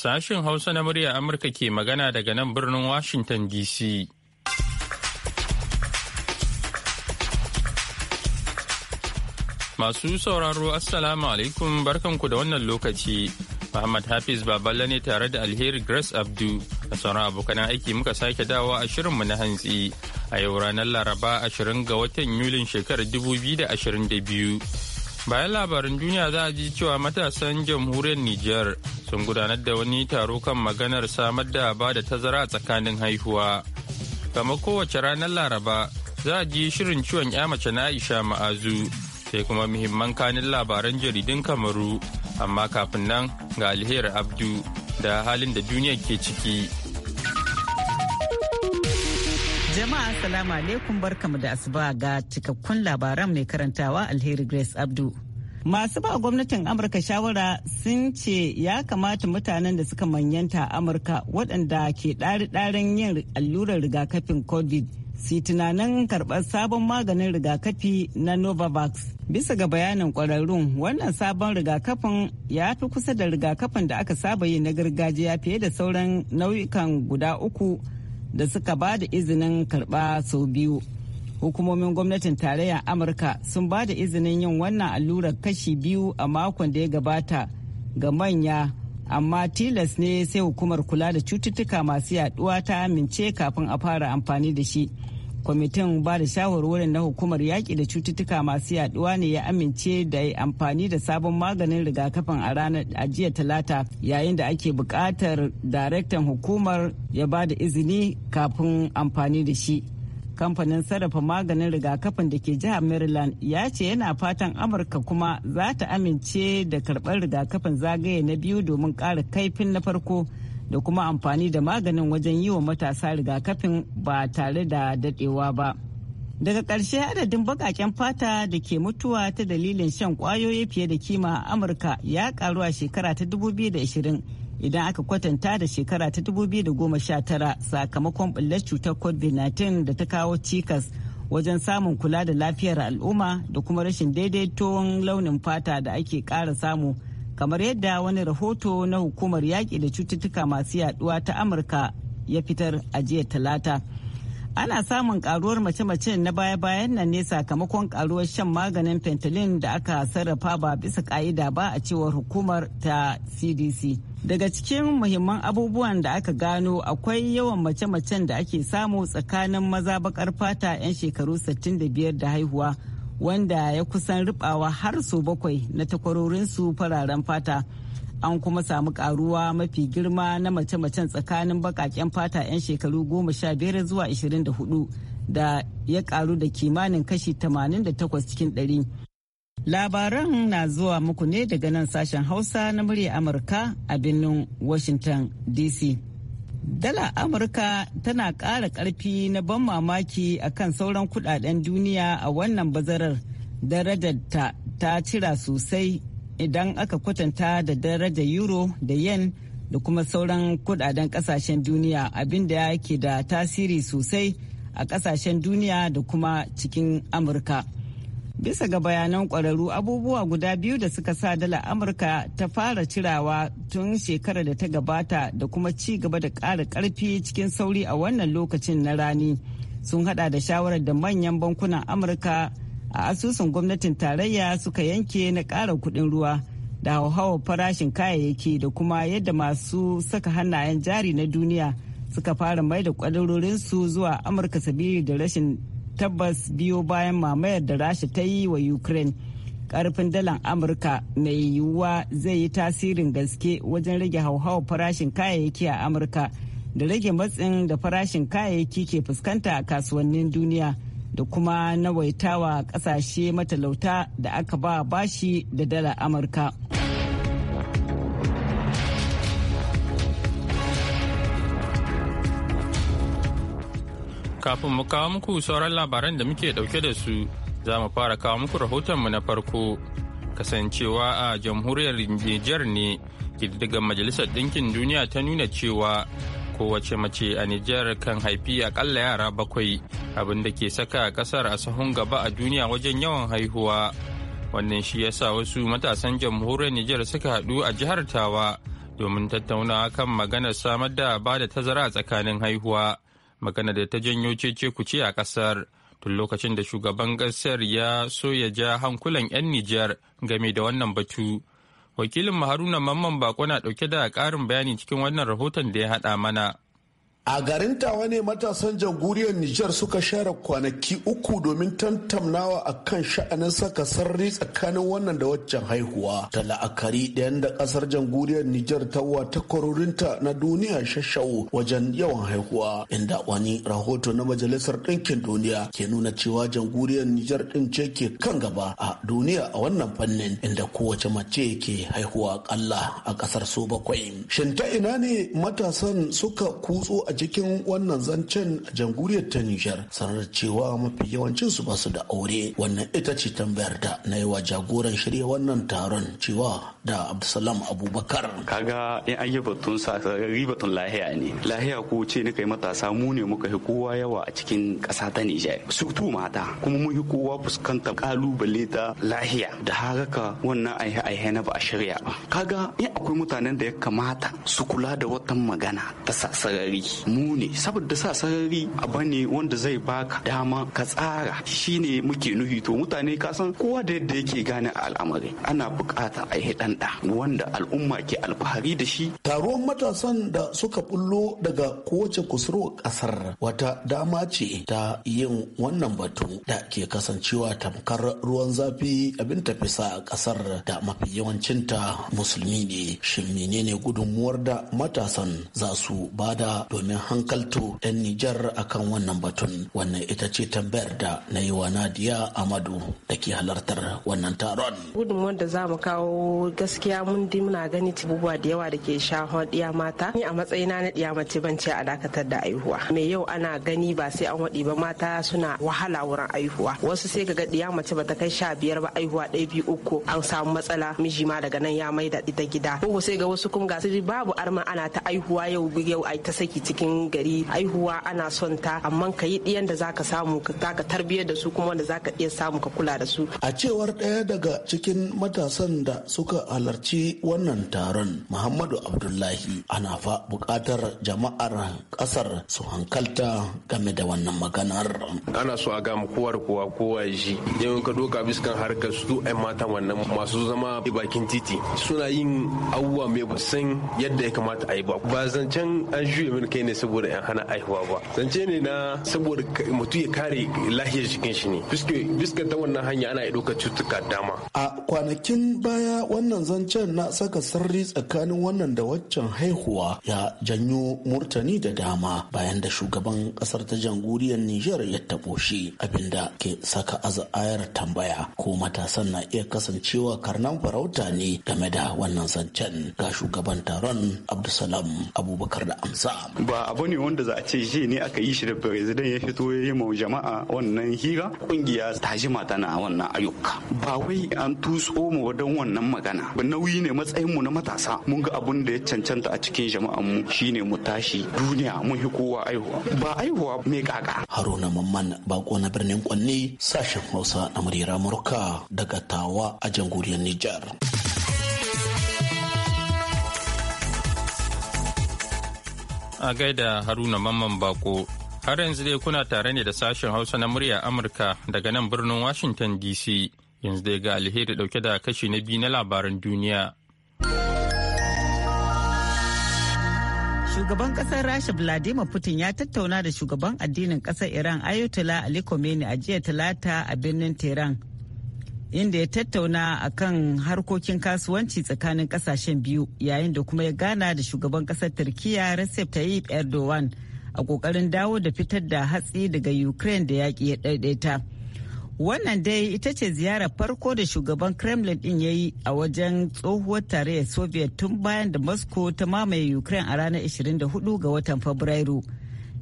Sashen Hausa na murya Amurka ke magana daga nan birnin Washington DC. Masu sauraro Assalamu alaikum barkanku da wannan lokaci. Muhammad Hafiz Baballe ne tare da Alheri Grace Abdu da sauran abokan aiki muka sake dawa a shirinmu na hantsi a yau ranar Laraba 20 ga watan Yulin shekarar 2022. Bayan labarin duniya za a ji cewa matasan jamhuriyar Nijar sun gudanar da wani taro kan maganar samar da ba da tazara tsakanin haihuwa. Kama kowace ranar Laraba za a ji shirin ciwon ya mace na Aisha Ma'azu sai kuma muhimman kanin labaran jaridun Kamaru. Amma kafin nan ga Alheri Abdu da halin da duniya ke ciki. Jama'a salama alaikum barkamu da asuba ga cikakkun labaran mai karantawa Alheri Grace Abdu. Masu ba gwamnatin Amurka shawara sun ce ya kamata mutanen da suka manyanta a Amurka waɗanda ke ɗari-ɗarin yin allurar rigakafin COVID su tunanin karɓar sabon maganin rigakafi na Novavax. Bisa ga bayanin ƙwararrun wannan sabon rigakafin ya fi kusa da rigakafin da aka saba yi na gargajiya fiye da sauran nau'ikan guda uku da suka ba da izinin karɓa sau biyu. hukumomin gwamnatin tarayyar amurka sun ba da izinin yin wannan allurar kashi biyu a makon da ya gabata ga manya amma tilas ne sai hukumar kula da cututtuka masu yaduwa ta amince kafin a fara amfani da shi kwamitin ba da shawarwarin na hukumar yaƙi da cututtuka masu yaduwa ne ya amince da amfani da sabon maganin rigakafin a ranar ajiya talata yayin da ake buƙatar daraktan hukumar ya ba da izini kafin amfani da shi kamfanin sarrafa maganin rigakafin da ke jihar maryland ya ce yana fatan amurka kuma za ta amince da karɓar rigakafin zagaye na biyu domin ƙara kaifin na farko da kuma amfani da maganin wajen yi wa matasa rigakafin ba tare da daɗewa ba daga ƙarshe adadin baƙaƙen fata da ke mutuwa ta dalilin shan ƙwayoyi fiye da kima a amurka ya ƙaru a shekara ta 2020 idan aka kwatanta da shekara ta 2019 sakamakon bullar cutar covid-19 da ta kawo cikas wajen samun kula da lafiyar al'umma da kuma rashin daidaiton launin fata da ake ƙara samu kamar yadda wani rahoto na hukumar yaƙi da cututtuka masu yaduwa ta amurka ya fitar a jiya talata ana samun karuwar mace mace na baya-bayan nan ne sakamakon karuwar shan maganin fentanyl da aka sarrafa ba bisa ka'ida ba a cewar hukumar ta cdc daga cikin muhimman abubuwan da aka gano akwai yawan mace-macen da ake samu tsakanin maza bakar fata 'yan shekaru 65 da haihuwa wanda ya kusan ribawa har sau bakwai na takwarorinsu fararen fata. an kuma samu karuwa mafi girma na mace-macen tsakanin bakaken fata 'yan shekaru goma sha biyar zuwa 24 da ya karu da kimanin kashi 88 cikin 100 labaran na zuwa muku ne daga nan sashen hausa na murya amurka a birnin washington dc dala amurka tana ƙara ƙarfi na ban mamaki a kan sauran kudaden duniya a wannan bazarar darajarta ta cira sosai idan aka kwatanta da darajar euro da yen da kuma sauran kudaden kasashen duniya abinda ya ke da tasiri sosai a kasashen duniya da kuma cikin amurka bisa ga bayanan kwararru abubuwa guda biyu da suka sa dala amurka ta fara cirawa tun shekarar da ta gabata da kuma ci gaba da ƙara ƙarfi cikin sauri a wannan lokacin na rani sun hada da shawarar da manyan bankunan amurka a asusun gwamnatin tarayya suka yanke na ƙara kuɗin ruwa da hauhawar farashin kayayyaki da kuma yadda masu saka hannayen jari na duniya suka fara mai da kwadarorinsu zuwa amurka sabili da rashin tabbas biyo bayan mamayar da rasha ta yi wa ukraine karfin dalan amurka mai yiwuwa zai yi tasirin gaske wajen rage hauhawar farashin kayayyaki a amurka da rage matsin da farashin kayayyaki ke fuskanta a kasuwannin duniya. da kuma na waitawa kasashe matalauta da aka ba bashi da dala amurka kafin mu kawo muku sauran labaran da muke dauke da su za mu fara kawo muku rahotonmu na farko kasancewa a jamhuriyar nijar ne daga majalisar ɗinkin duniya ta nuna cewa kowace mace a Nijar kan haifi akalla yara bakwai abin da ke saka kasar a sahun gaba a duniya wajen yawan haihuwa. Wannan shi yasa wasu matasan jamhuriyar Nijar suka haɗu a jihar Tawa domin tattaunawa kan maganar samar da ba da tazara tsakanin haihuwa. Maganar da ta janyo cece kuce a kasar tun lokacin da shugaban kasar ya so ya ja hankulan 'yan Nijar game da wannan batu. wakilin haruna mamman bako na dauke da karin bayani cikin wannan rahoton da ya hada mana A garin tawa ne matasan jamhuriyar Nijar suka share kwanaki uku domin tantamnawa a kan sha'anin saka sarri tsakanin wannan da waccan haihuwa. Ta la'akari ɗayan da ƙasar jamhuriyar Nijar ta wata kwarorinta na duniya shashau wajen yawan haihuwa. Inda wani rahoto na Majalisar Ɗinkin Duniya ke nuna cewa jamhuriyar Nijar ɗin ce ke kan gaba a duniya a wannan fannin inda kowace mace ke haihuwa ƙalla a ƙasar su bakwai. Shin ta ina ne matasan suka kutso a cikin wannan zancen a jamhuriyar ta Nijar sanar cewa mafi yawancin su basu da aure wannan ita ce tambayar da na yi wa jagoran shirya wannan taron cewa da Abdulsalam Abubakar kaga in an yi batun sa ribatun lahiya ne lahiya ko ce ni kai matasa mu ne muka hi kowa yawa a cikin ƙasa ta Nijar tu mata kuma mun hi kowa fuskantar kalubale ta lahiya da haraka wannan aihe aihe na ba a shirya ba kaga in akwai mutanen da ya kamata su kula da watan magana ta sarari mu ne saboda sa sarari a bane wanda zai baka dama ka tsara shine muke nuhi to mutane kasan san kowa da yadda yake gane a al'amari ana bukata a yi ɗanɗa wanda al'umma ke alfahari da shi taruwan matasan da suka bullo daga kowace kusurwa kasar wata dama ce ta yin wannan batu da ke kasancewa tamkar ruwan zafi abin tafisa a kasar da mafi yawancinta musulmi ne shin menene gudunmuwar da matasan za su bada domin domin hankalto 'yan Nijar akan wannan batun. Wannan ita ce tambayar da na yi wa Nadia Amadu da ke halartar wannan taron. Gudunmuwar da za mu kawo gaskiya mun di muna gani abubuwa da yawa da ke shahon ɗiya mata. Ni a matsayina na ɗiya mace ban ce a dakatar da aihuwa. Me yau ana gani ba sai an waɗi ba mata suna wahala wurin aihuwa. Wasu sai ga ɗiya mace bata kai sha biyar ba aihuwa ɗaya biyu uku an samu matsala miji ma daga nan ya mai maida ita gida. Ko sai ga wasu kuma ga babu arma ana ta aihuwa yau yau ai ta saki ciki cikin gari aihuwa ana son ta amma ka yi ɗiyan da zaka samu ka tarbiyyar da su kuma wanda zaka iya samu ka kula da su. A cewar ɗaya daga cikin matasan da suka halarci wannan taron Muhammadu Abdullahi ana fa buƙatar jama'ar ƙasar su hankalta game da wannan maganar. Ana so a gama kowa da kowa kowa ya shi. Yau ka doka biskan harkar su ɗan mata wannan masu zama bakin titi suna yin abubuwa mai basan yadda ya kamata a yi ba. Ba zancen an shuye mini kai ne saboda yan hana aihuwa ba zance ne na saboda mutum ya kare lahiyar jikin shi ne biska ta wannan hanya ana iya ɗaukar cutuka dama a kwanakin baya wannan zancen na saka sarri tsakanin wannan da waccan haihuwa ya janyo murtani da dama bayan da shugaban kasar ta jamhuriyar Nijar ya tabo shi abinda ke saka azayar tambaya ko matasan na iya kasancewa karnan farauta ne game da wannan zancen ga shugaban taron Abdulsalam Abubakar da Amsa. Ba ba abu ne wanda za a ce shi ne aka yi shi da president ya fito ya yi ma jama'a wannan hira kungiya ta jima tana wannan ayyuka ba wai an tuso mu don wannan magana ba nauyi ne matsayin mu na matasa mun ga abun da ya cancanta a cikin jama'an mu shine mu tashi duniya mun hi kowa aihuwa ba aihuwa me kaka haruna mamman bako na birnin kwanne sashen hausa na muryar amurka daga tawa a jamhuriyar nijar A gaida Haruna Mamman Bako. Har yanzu dai kuna tare ne da sashen Hausa na murya Amurka daga nan birnin Washington DC. Yanzu dai ga alheri dauke da kashi na biyu na labaran duniya. Shugaban kasar Rasha Vladimir Putin ya tattauna da shugaban addinin kasar Iran Ayatollah Ali Khomeini a jiya Talata a birnin Tehran. inda ya tattauna a kan harkokin kasuwanci tsakanin kasashen biyu yayin da kuma ya gana da shugaban kasar turkiya recep tayyip erdogan a kokarin dawo da fitar da hatsi daga ukraine da yaƙi ya ɗaiɗaita wannan dai ita ce ziyarar farko da shugaban kremlin din ya yi a wajen tsohuwar tarayyar soviet tun bayan da moscow ta mamaye ukraine a ranar 24 ga watan fabrairu.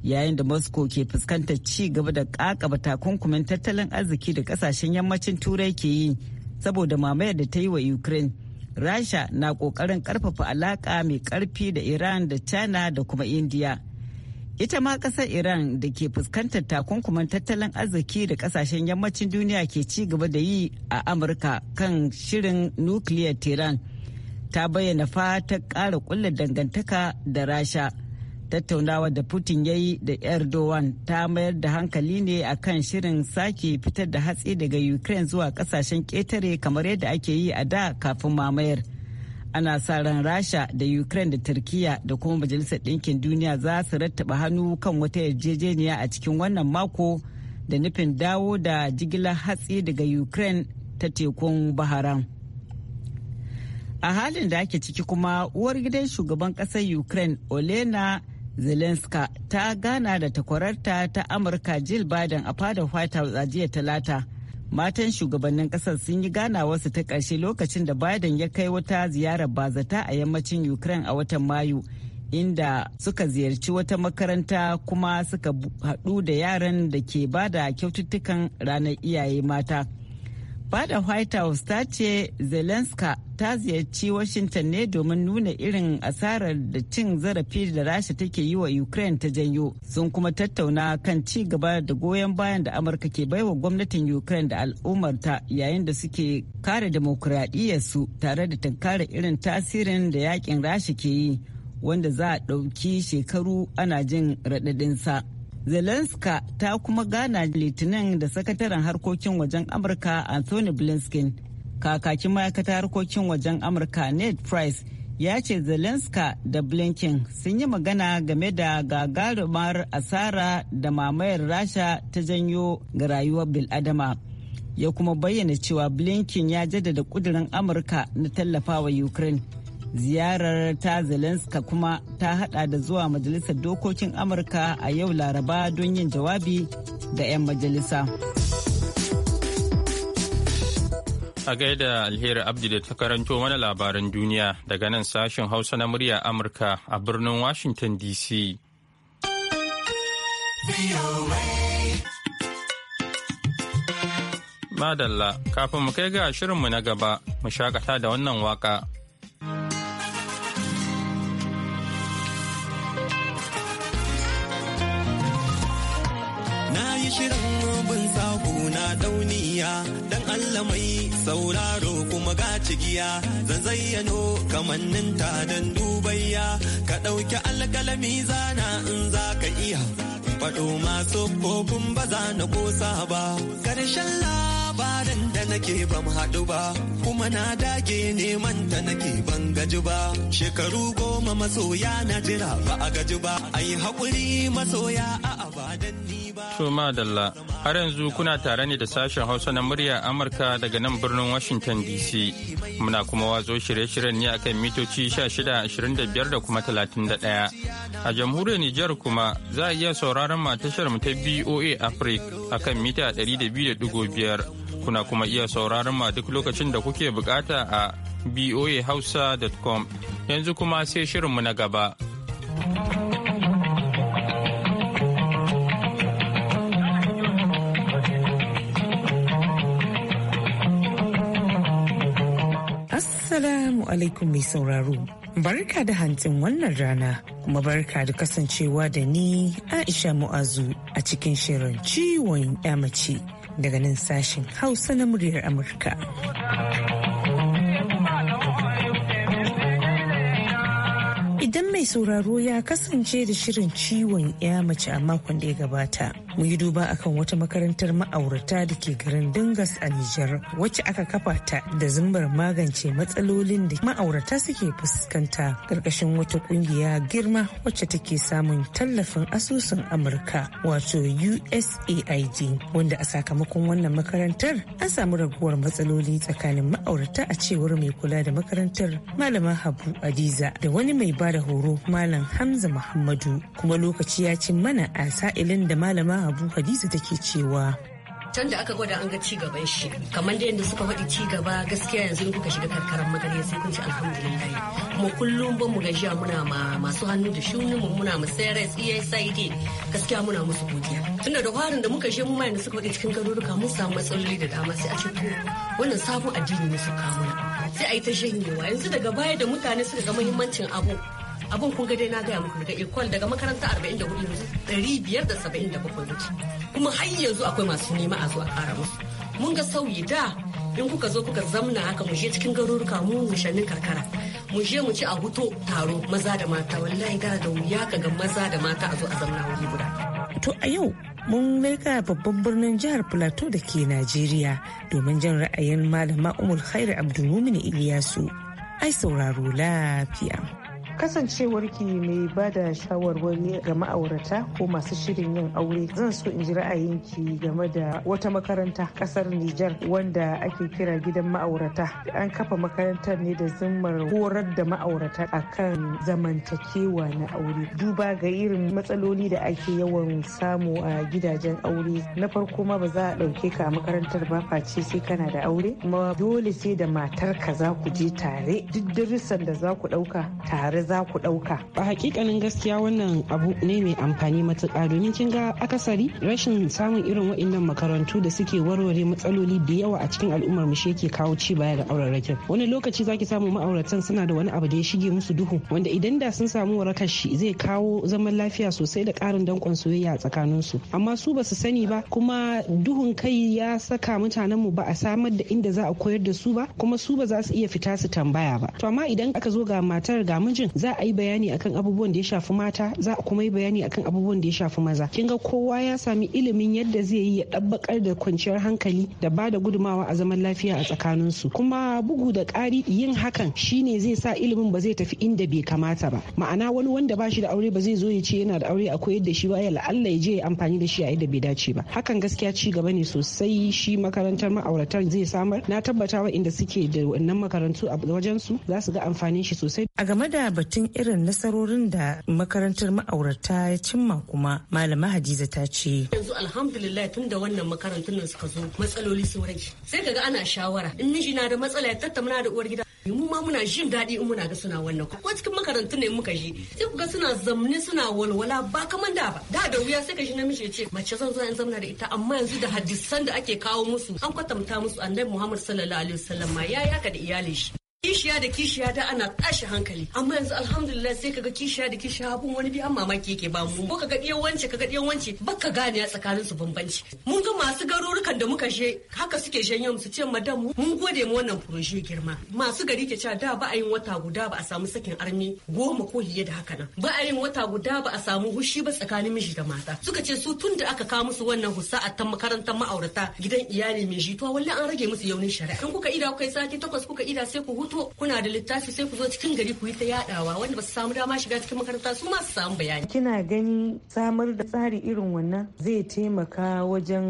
yayin da moscow ke fuskantar ci gaba da kakaba takunkumin tattalin arziki da kasashen yammacin turai ke yi saboda mamayar da ta yi wa ukraine rasha na kokarin karfafa alaka mai karfi da iran da china da kuma india ita ma kasar iran da ke fuskantar takunkumin tattalin arziki da kasashen yammacin duniya ke ci gaba da yi a amurka kan shirin nukiliyar tehran ta bayyana fa ta kara kulla dangantaka da rasha tattaunawar da putin ya yi da erdogan ta mayar da hankali ne akan shirin sake fitar da hatsi daga ukraine zuwa kasashen ketare kamar yadda ake yi a da kafin mamayar ana sa ran rasha da ukraine da turkiya da kuma majalisar ɗinkin duniya za su rattaba hannu kan wata yarjejeniya a cikin wannan mako da nufin dawo da jigilar hatsi daga ukraine ta tekun baharan. a halin da ake ciki kuma uwar gidan shugaban kasar ukraine olena zelenska ta gana da takwararta ta amurka jill biden a fadar white house a jiya talata matan shugabannin kasar sun yi ganawarsu ta ƙarshe lokacin da biden ya kai wata ziyarar bazata a yammacin ukraine a watan mayu inda suka ziyarci wata makaranta kuma suka haɗu da yaran da ke ba da kyaututtukan ranar iyaye mata fada white house ta ce zelenska ta ziyarci washington ne domin nuna irin asarar da cin zarafi da rasha take yi wa ukraine ta janyo sun kuma tattauna kan ci gaba da goyon bayan da amurka ke baiwa gwamnatin ukraine da al'ummarta yayin da suke kare su tare da tunkara irin tasirin da yakin rasha ke yi wanda za a ɗauki shekaru ana jin raɗaɗinsa. sa Zelenska ta kuma gana litinin da sakataren harkokin wajen Amurka Anthony Blinken. Kakakin ma'aikatar harkokin wajen Amurka Ned Price ya ce Zelenska da Blinken sun yi magana game da gagarumar asara da mamayar Rasha ta janyo ga rayuwar Biladama. Ya kuma bayyana cewa Blinken ya jaddada kudurin Amurka na tallafawa Ukraine. ziyarar ta zelenska kuma ta hada da zuwa majalisar dokokin amurka a yau laraba don yin jawabi da 'yan majalisa a gaida alheri abdi da ta karanto mana labaran duniya daga nan sashen hausa na murya amurka a birnin washington dc madalla kafin mu kai ga shirinmu na gaba mu shakata da wannan waka shirin bin sahu na dauniya dan Allah mai sauraro kuma ga cigiya zan zayyano kamannin ta dan dubayya ka ɗauki alƙalami zana in za ka iya faɗo masu kofin ba za na kosa ba ƙarshen labarin da nake ban haɗu ba kuma na dage neman ta nake ban gaji ba shekaru goma masoya na jira ba a gaji ba ai haƙuri masoya a'a. ma dalla har yanzu kuna tare ne da sashen Hausa na murya Amurka daga nan birnin Washington DC. Muna kuma watso shirye-shiryen ne akan mitoci 1625 da kuma 31. A jamhuriyar Nijar kuma za a iya sauraron matashar mu ta BOA Africa akan mita 200.5. Kuna kuma iya sauraron ma duk lokacin da kuke bukata a boa boahausa.com. Yanzu kuma sai shirinmu na gaba. Assalamu alaikum mai sauraro. Barka da hantin wannan rana, kuma barka da kasancewa da ni Aisha Mu'azu a cikin shirin ciwon mace daga nan sashen Hausa na muryar Amurka. Idan mai sauraro ya kasance da shirin ciwon mace a makon da ya gabata. mu yi duba akan wata makarantar ma'aurata da ke garin dingas a Nijar wacce aka kafa ta da zumbar magance matsalolin da ma'aurata suke fuskanta ƙarƙashin wata ƙungiya girma wacce take samun tallafin asusun Amurka wato USAID wanda a sakamakon wannan makarantar an samu raguwar matsaloli tsakanin ma'aurata a cewar mai kula da makarantar malama Habu Adiza da wani mai ba da horo malam Hamza Muhammadu kuma lokaci ya ci mana a sa'ilin da malama abu hadiza take cewa can da aka gwada an ga ci gaban shi kamar da yadda suka faɗi ci gaba gaskiya yanzu in kuka shiga karkarar magariya sai kun ci alhamdulillah kuma kullum ba mu gajiya muna ma masu hannu da shunin mu muna musayar tsaye gaskiya muna musu godiya tunda da kwarin da muka je mu mai da suka faɗi cikin garuruka mun samu matsaloli da dama sai a ce to wannan sabon addini ne suka kawo sai a yi ta shanyewa yanzu daga baya da mutane suka ga muhimmancin abu abin kun ga dai na gaya muku daga ikon daga makaranta 44 577 kuma har yanzu akwai masu nema a zuwa kara musu mun ga sauyi da in kuka zo kuka zamna haka mu je cikin garuruka mu mushannin karkara mu je mu ci a huto taro maza da mata wallahi da da wuya ka ga maza da mata a zo a zamna wuri guda to a yau mun laika babban birnin jihar plateau da ke najeriya domin jan ra'ayin malama umul khairu abdulmumin iliyasu ai sauraro lafiya kasancewarki mai ba da shawarwari ga ma'aurata ko masu shirin yin aure zan so in ji ra'ayinki game da wata makaranta kasar Nijar wanda ake kira gidan ma'aurata an kafa makarantar ne da zimmar horar da ma'aurata a kan zamantakewa na aure duba ga irin matsaloli da ake yawan samu a gidajen aure na farko ma ba za a ɗauke ka a makarantar ba face sai kana da aure kuma dole sai da matar ka za ku je tare duk darussan da za ku ɗauka tare za ku ɗauka a hakikanin gaskiya wannan abu ne mai amfani matuƙa domin kin ga akasari rashin samun irin waɗannan makarantu da suke warware matsaloli da yawa a cikin al'ummar mu shi yake kawo ci baya ga aurarrakin wani lokaci zaki samu ma'auratan suna da wani abu da ya shige musu duhu wanda idan da sun samu warakar shi zai kawo zaman lafiya sosai da ƙarin dankon soyayya a tsakanin su amma su basu sani ba kuma duhun kai ya saka mutanen mu ba a samar da inda za a koyar da su ba kuma su ba za su iya fita su tambaya ba to amma idan aka zo ga matar ga mijin za a yi bayani akan abubuwan da ya shafi mata za a kuma yi bayani akan abubuwan da ya shafi maza kin ga kowa ya sami ilimin yadda zai yi ya dabbakar da kwanciyar hankali da ba da gudumawa a zaman lafiya a tsakanin su kuma bugu da ƙari yin hakan shine zai sa ilimin ba zai tafi inda bai kamata ba ma'ana wani wanda ba shi da aure ba zai zo ya ce yana da aure akwai yadda shi ba ya la'alla ya je ya amfani da shi a yadda bai dace ba hakan gaskiya ci gaba ne sosai shi makarantar ma'auratan zai samar na tabbata wa inda suke da wannan makarantu a wajen su za su ga amfanin shi sosai A game da batun irin nasarorin da makarantar ma'aurata ya cimma kuma malama Hadiza ta ce. Yanzu alhamdulillah tun da wannan makarantun nan suka zo matsaloli sun rage. Sai kaga ana shawara in miji na da matsala ya tattauna da uwar gida. Mu ma muna jin daɗi in muna ga suna wannan ko cikin makarantun ne muka je sai kuga suna zamne suna walwala ba kaman da ba da da wuya sai ka ji namiji ya ce mace zan zo in zamna da ita amma yanzu da hadisan da ake kawo musu an kwatanta musu annabi Muhammad sallallahu alaihi wasallam ma ya yaka da iyalin shi kishiya da kishiya da ana tashi hankali amma yanzu alhamdulillah sai kaga kishiya da kishiya abun wani bi mamaki yake ba mu kaga diyan wance kaga ga wance baka gane tsakanin su bambanci mun ga masu garurukan da muka je haka suke shanyen su ce madam mun gode mu wannan furoshi girma masu gari ke cewa da ba a yin wata guda ba a samu sakin armi goma ko hiye da haka nan ba a yin wata guda ba a samu hushi ba tsakanin miji da mata suka ce su tun da aka kawo musu wannan husa a tan makarantar ma'aurata gidan iyali mai jituwa wallahi an rage musu yaunin shari'a kan kuka ida kuka yi sati takwas kuka ida sai ku fito kuna da littafi sai ku zo cikin gari ku yi ta yadawa wanda ba su samu dama shiga cikin makaranta su ma su samu bayani kina gani samar da tsari irin wannan zai taimaka wajen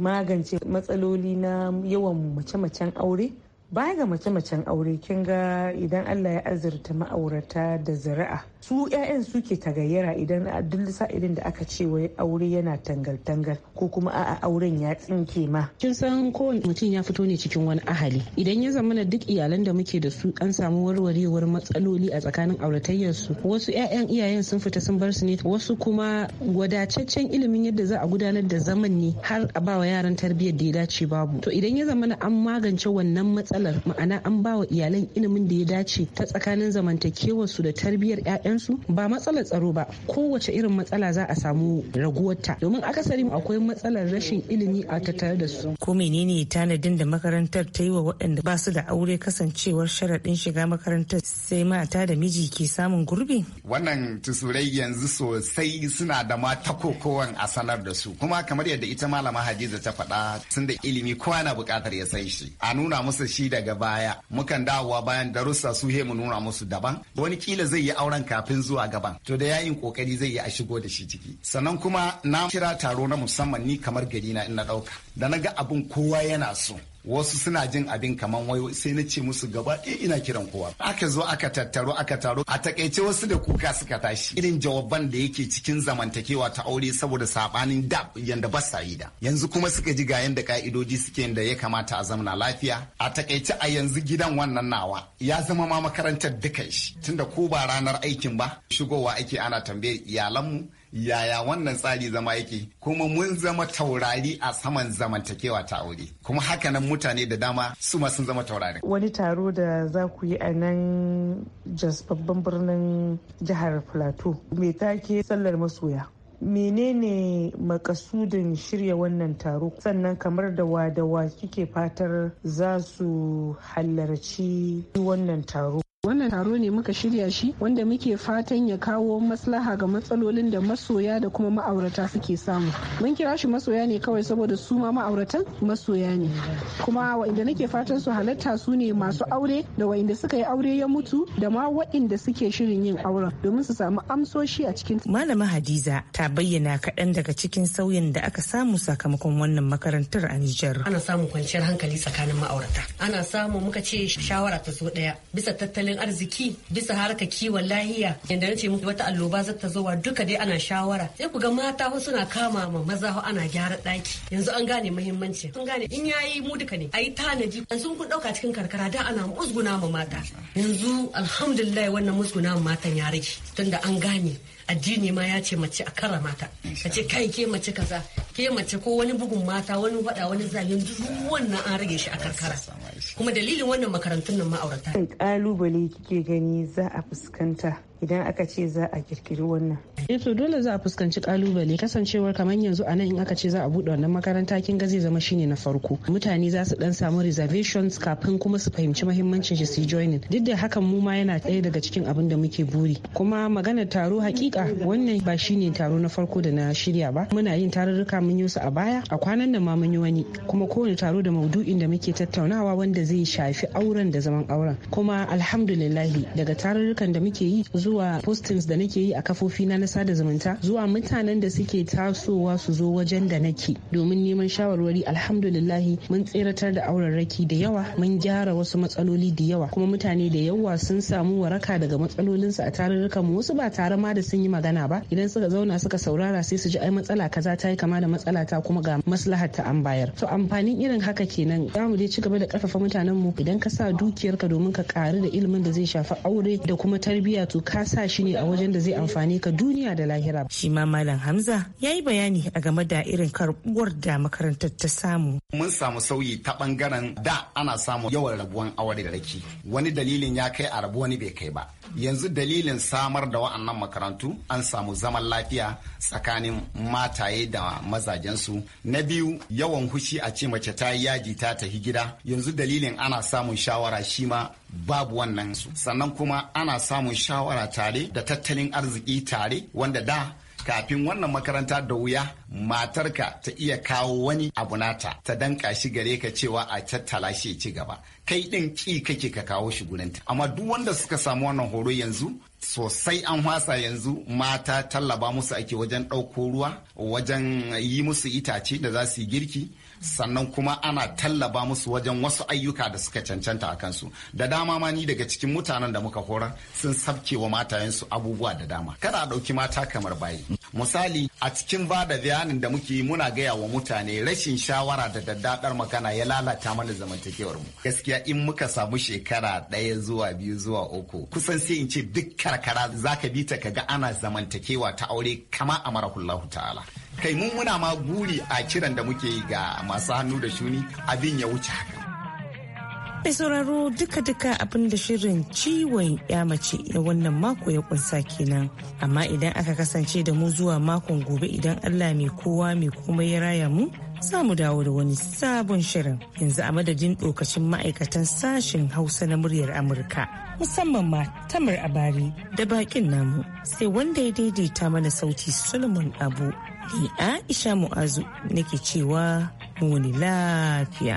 magance matsaloli na yawan mace-macen aure baya ga mace-macen aure kin ga idan Allah ya azurta ma'aurata da zuri'a su 'ya'yan suke tagayyara idan a duk sa'ilin da aka ce wai aure yana tangal-tangal ko kuma a auren ya tsinke ma kin san kowane mutum ya fito ne cikin wani ahali idan ya zamana duk iyalan da muke da su an samu warwarewar matsaloli a tsakanin auratayyar su wasu 'ya'yan iyayen sun fita sun bar su ne wasu kuma wadataccen ilimin yadda za a gudanar da zaman ne har a bawa yaran tarbiyyar da ya dace babu to idan ya zamana an magance wannan matsalar ma'ana an bawa iyalan ilimin da ya dace ta tsakanin zamantakewar su da tarbiyyar 'ya'yan ba matsalar tsaro ba kowace irin matsala za a samu raguwarta domin akasarin akwai matsalar rashin ilimi a tattare da su. Ko menene tanadin da makarantar ta yi wa waɗanda ba su da aure kasancewar sharaɗin shiga makarantar sai mata da miji ke samun gurbi? Wannan tusurai yanzu sosai suna da ma takokowan a sanar da su kuma kamar yadda ita malama Hadiza ta faɗa sun da ilimi kowa na buƙatar ya san shi a nuna musu shi daga baya mukan dawowa bayan darussa su he mu nuna musu daban wani kila zai yi auren kafin kafin zuwa gaban to da yayin kokari zai yi a shigo da shi ciki sannan kuma na kira taro na musamman ni kamar gari na ina dauka da na ga abin kowa yana so wasu suna jin abin kamar wai sai na ce musu gaba ɗaya ina kiran kowa aka zo aka tattaro aka taro a takaice wasu da kuka suka tashi irin jawaban da yake cikin zamantakewa ta aure saboda sabanin da yanda ba sa yi da yanzu kuma suka ji ga yanda ka'idoji suke yanda ya kamata a zamana lafiya a takaice a yanzu gidan wannan nawa ya zama ma makarantar dukan shi tunda ko ba ranar aikin ba shigowa ake ana tambayar iyalanmu yaya wannan tsari zama yake kuma mun zama taurari a saman zamantakewa ta aure kuma hakanan mutane da dama su ma sun zama taurari wani taro da za ku yi a nan jos babban birnin jihar plateau mai take sallar masoya menene makasudin shirya wannan taro sannan kamar da wa kike fatar za su halarci wannan taro wannan taro ne muka shirya shi wanda muke fatan ya kawo maslaha ga matsalolin da masoya da kuma ma'aurata suke samu mun kira shi masoya ne kawai saboda su ma ma'auratan masoya ne kuma wa'inda nake fatan su halatta su ne masu aure da wa'inda suka yi aure ya mutu da ma wa'inda suke shirin yin auren domin su samu amsoshi a cikin malama hadiza ta bayyana kaɗan daga cikin sauyin da aka samu sakamakon wannan makarantar a Nijar. ana samun kwanciyar hankali tsakanin ma'aurata ana samu muka ce shawara ta zo ɗaya bisa tattalin tattalin arziki bisa harkar kiwon lahiya yadda nace ce muku wata alloba za ta zowa duka dai ana shawara sai ku ga mata wasu na kama ma maza ho ana gyara daki yanzu an gane muhimmanci sun gane in yayi mu duka ne ayi tanadi yanzu kun ɗauka cikin karkara da ana musguna ma mata yanzu alhamdulillah wannan musguna ma matan ya rage tunda an gane addini ma ya ce mace a kara mata ka ce kai ke mace kaza ke mace ko wani bugun mata wani wada wani zalin duk wannan an rage shi a karkara kuma dalilin wannan makarantun nan ma'aurata kalubale kike gani za a fuskanta idan aka ce za a kirkiri wannan. Eh to dole za a fuskanci kalubale kasancewar kamar yanzu a nan in aka ce za a bude wannan makaranta kin ga zai zama shine na farko. Mutane za su dan samu reservations kafin kuma su fahimci mahimmancin shi su joinin. Duk da hakan mu ma yana ɗaya daga cikin abin da muke buri. Kuma maganar taro hakika wannan ba shine taro na farko da na shirya ba. Muna yin tarurruka mun yi su a baya a kwanan nan ma mun yi wani kuma kowane taro da maudu'in da muke tattaunawa wanda zai shafi auren da zaman auren. Kuma alhamdulillah daga tarurrukan da muke yi zuwa postings da nake yi a kafofi na na sada zumunta zuwa mutanen da suke tasowa su zo wajen da nake domin neman shawarwari alhamdulillahi mun tseratar da aurarraki da yawa mun gyara wasu matsaloli da yawa kuma mutane da yawa sun samu waraka daga matsalolinsu a mu wasu ba tare ma da sun yi magana ba idan suka zauna suka saurara sai su ji ai matsala kaza ta yi kama da matsala ta kuma ga maslahar ta an bayar to amfanin irin haka kenan za mu dai ci gaba da karfafa mutanen mu idan ka sa dukiyarka domin ka karu da ilimin da zai shafi aure da kuma tarbiyya to ka sa shi ne a wajen da zai amfani ka duniya da lahira. Shi ma Malam Hamza ya yi bayani a game da irin karbuwar da makarantar ta samu. Mun samu sauyi ta ɓangaren. da ana samun yawan rabuwan aure da raki. Wani dalilin ya kai a rabu wani bai kai ba. Yanzu dalilin samar da wa'annan makarantu an samu zaman lafiya tsakanin mataye da mazajensu. Na biyu yawan hushi a ce mace ta yi yaji ta tafi gida. Yanzu dalilin ana samun shawara shi ma babu wannan su sannan kuma ana samun shawara tare da tattalin arziki tare wanda da kafin wannan makaranta da wuya matarka ta iya kawo wani abu nata ta danka shi gare ka cewa a tattala shi ci gaba kai din ki kake ka kawo shi gurinta amma duk wanda suka samu wannan horo yanzu sosai an hwasa yanzu mata tallaba musu ake wajen ɗauko ruwa wajen yi musu itace da za su yi girki sannan kuma ana tallaba musu wajen wasu ayyuka da suka cancanta a kansu da dama ma ni daga cikin mutanen da muka horar sun sabke wa matayensu abubuwa da dama kada a ɗauki mata kamar bayi misali a cikin ba da bayanin da muke muna gaya wa mutane rashin shawara da daddadar magana ya lalata mana zamantakewar mu gaskiya in muka samu shekara ɗaya zuwa biyu zuwa uku kusan sai in ce duk karkara zaka bi ta kaga ana zamantakewa ta aure kama amara kullahu ta'ala kai mun muna ma guri a kiran da muke yi ga masu hannu da shuni abin ya wuce haka Mai sauraro duka-duka abin da shirin ciwon ya mace na wannan mako ya kunsa kenan. Amma idan aka kasance da mu zuwa makon gobe idan Allah mai kowa mai komai ya raya mu, za mu dawo da wani sabon shirin yanzu a madadin ɗokacin ma'aikatan sashen hausa na muryar amurka musamman ma tamar a bari da bakin namu sai wanda ya daidaita mana sauti solomon abu ni aisha mu'azu nake cewa muni lafiya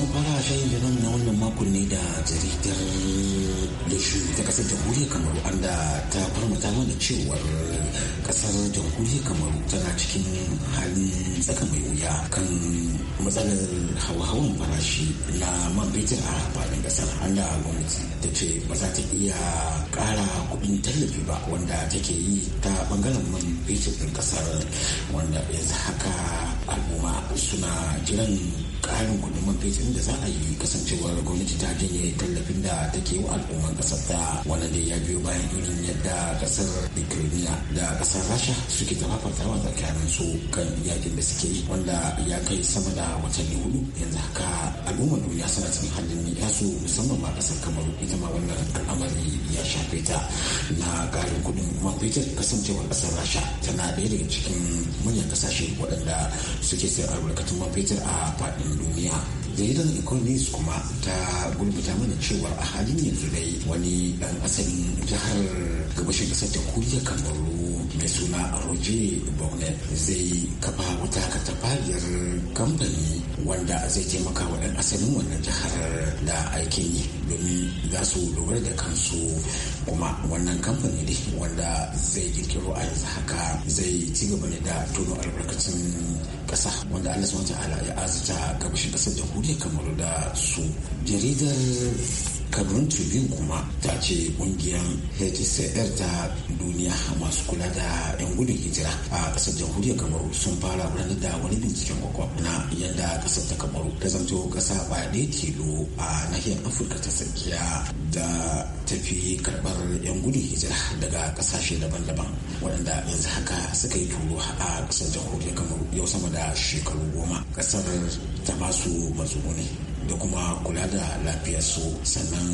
an fara shayin jiran na wannan makon ne da jaridar da shi ta kasar jamhuriyar kamaru an da ta farmata mana cewar kasar jamhuriyar kamaru tana cikin halin tsaka mai wuya kan matsalar hawa-hawan farashi na man fetur a faɗin kasar an da gwamnati ta ce ba za ta iya ƙara kuɗin tallafi ba wanda take yi ta ɓangaren man basic ɗin ƙasar wanda yanzu haka al'umma suna jiran ƙarin kuɗin man fetur da za a yi kasancewar gwamnati ta janye tallafin da take wa al'umman ƙasar ta wanda dai ya biyo bayan irin yadda ƙasar ukraine da ƙasar rasha suke talafartawa tsakanin su kan yakin da suke yi wanda ya kai sama da watanni hudu yanzu haka al'umma duniya suna cikin halin ya su musamman ma ƙasar kamaru ita ma wannan al'amari ya shafe ta na ƙarin kuɗin man fetur kasancewar ƙasar rasha tana ɗaya daga cikin manyan kasashe waɗanda suke sayar albarkatun man fetur a faɗin duniya jaridar economist kuma ta gulbuta mana cewar a halin yanzu dai wani dan asalin jihar gabashin kasar ta kuriya kamaru mai suna roje bonnet zai kafa wata katafariyar kamfani wanda zai taimaka wa dan asalin wannan jihar da aikin yi domin za su dogara da kansu kuma wannan kamfani ne wanda zai kirkiro a yanzu haka zai ci gaba ne da tono albarkacin kasa wanda Allah subhanahu wa ta'ala ya azata gabashin kasar jamhuriyar Kamaru da su jaridar Cameroon Tribune kuma ta ce kungiyar HCR ta duniya masu kula da 'yan gudun hijira a ƙasar jamhuriyar Kamaru sun fara gudanar da wani binciken kwakwa na yadda ƙasar ta Kamaru ta zanto ƙasa ba ke tilo a nahiyar Afirka ta tsakiya da tafi karɓar 'yan gudun hijira daga ƙasashe daban-daban waɗanda yanzu haka suka yi turo a ƙasar jamhuriyar Kamaru yau sama da shekaru goma ƙasar ta masu matsuguni da kuma kula da lafiyarsu sannan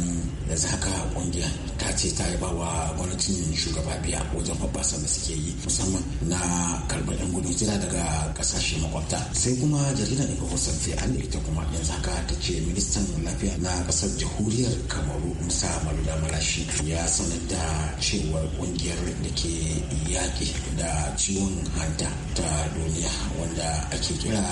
da ka kungiya ta ce ta yaba bawa gwamnatin shugaba biya wajen hoɓɓasa da suke yi musamman na karɓar yan gudu jira daga ƙasashe makwabta sai kuma jaridar ifofosan fi an ita kuma yanzu haka ta ce ministan lafiya na ƙasar jamhuriyar kamaru musa maluda marashi ya sanar da cewar kungiyar da ke yaƙi da ciwon hanta ta duniya wanda ake kira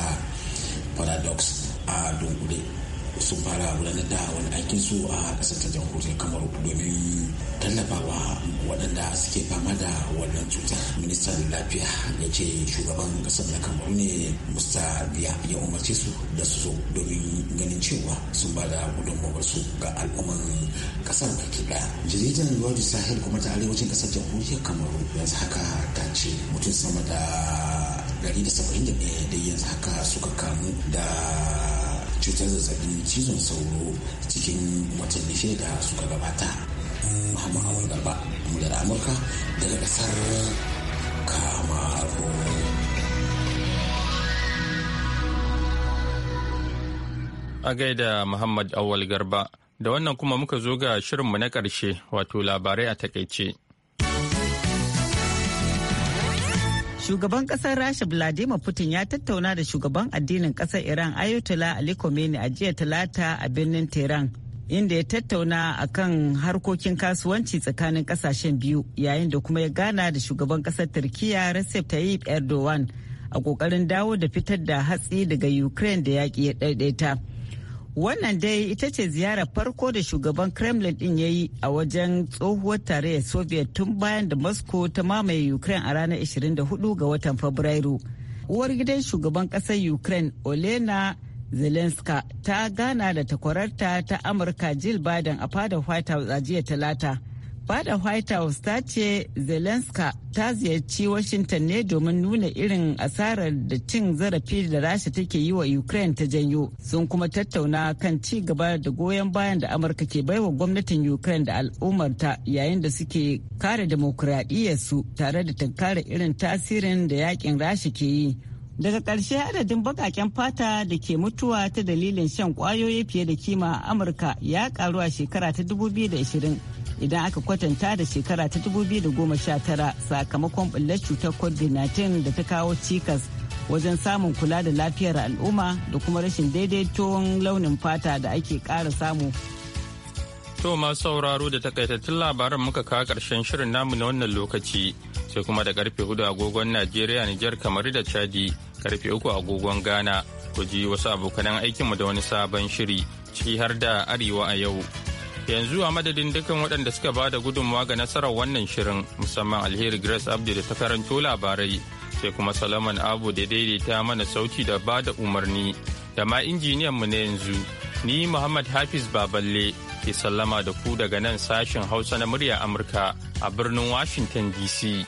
paradox a dunkule sun fara gudanar da wani aikin su a ƙasar ta jamhuriyar kamaru domin tallafawa waɗanda suke fama da wannan cutar ministan lafiya ya ce shugaban ƙasar na kamaru ne musta biya ya umarce su da su domin ganin cewa sun ba da gudunmawar su ga al'umman ƙasar baki daya jaridan lord sahel kuma ta arewacin ƙasar jamhuriyar kamaru yanzu haka ta ce mutum sama da 171 da yanzu haka suka kamu da cutar zazzabin cizon sauro cikin watanni shida suka gabata muhammad awal garba muryar amurka daga kasar kamaru a gaida muhammad awal garba da wannan kuma muka zo ga shirinmu na ƙarshe wato labarai a takaice. Shugaban kasar Rasha Vladimir Putin ya tattauna da shugaban addinin kasar Iran Ayatollah Ali khamenei a jiya talata a birnin Tehran. Inda ya tattauna a kan harkokin kasuwanci tsakanin kasashen biyu yayin da kuma ya gana da shugaban kasar Turkiya Recep Tayyip Erdogan a kokarin dawo da fitar da hatsi daga Ukraine da yaƙi ya ɗaiɗaita. Wannan dai ita ce ziyarar farko da shugaban Kremlin din ya yi a wajen tsohuwar tarayyar Soviet tun bayan da Moscow ta mamaye Ukraine a ranar 24 ga watan Fabrairu. Uwar gidan shugaban ƙasar Ukraine Olena Zelenska ta gana da takwararta ta Amurka Jill Biden a fadar White House a jiya Talata. fada white house ta ce zelenska ta ziyarci washington ne domin nuna irin asarar da cin zarafi da rasha take yi wa ukraine ta janyo sun kuma tattauna kan ci gaba da goyon bayan da amurka ke baiwa gwamnatin ukraine da al'ummarta yayin da suke kare su tare da tunkara irin tasirin da yakin rasha ke yi daga ƙarshe adadin baƙaƙen fata da ke mutuwa ta dalilin shan kwayoyi fiye da kima amurka ya karuwa a shekara ta 2020 idan aka kwatanta da shekara ta 2019 sakamakon bullar cutar covid-19 da ta kawo cikas wajen samun kula da lafiyar al'umma da kuma rashin daidaito launin fata da ake kara samu. To masu sauraro da takaitattun labaran muka kawo karshen shirin namu na wannan lokaci sai kuma da karfe hudu agogon Najeriya Nijar kamar da Chadi karfe uku agogon Ghana ku ji wasu abokanan aikinmu da wani sabon shiri ciki har da Arewa a yau. yanzu a madadin dukkan waɗanda suka ba da gudunmawa ga nasarar wannan shirin musamman alheri grace abdu da ta karanto labarai sai kuma salaman abu da daidaita mana sauti da ba da umarni da ma injiniyan mu na yanzu ni muhammad hafiz baballe ke sallama da ku daga nan sashen hausa na murya amurka a birnin washington dc